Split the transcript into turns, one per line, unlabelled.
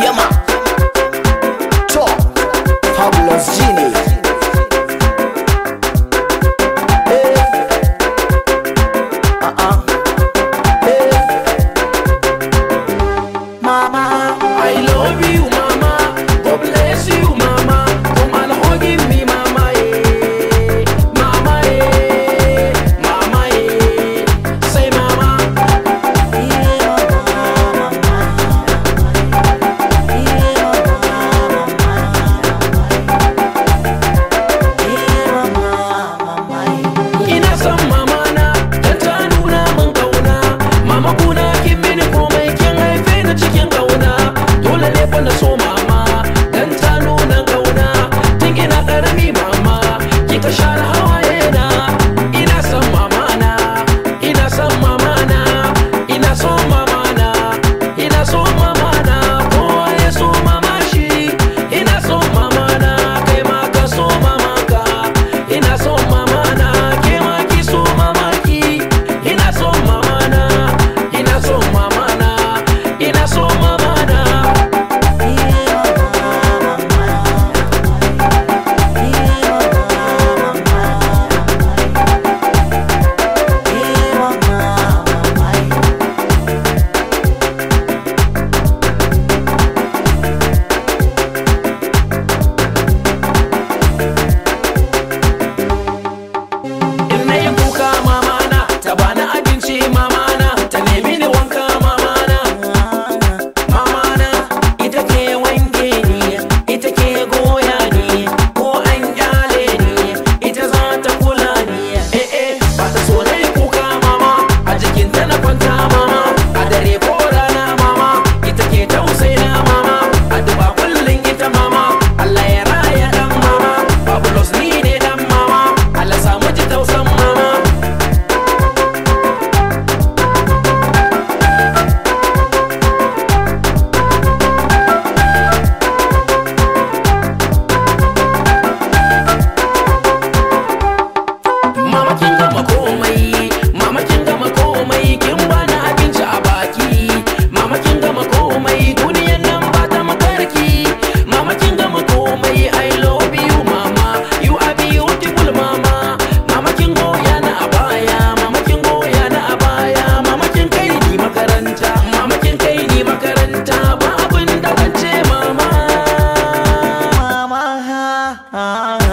Yeah, man. Top. Fabulous Genie. Hey. Uh-uh. Hey. Eh. Eh. Mama, I love you. Ah.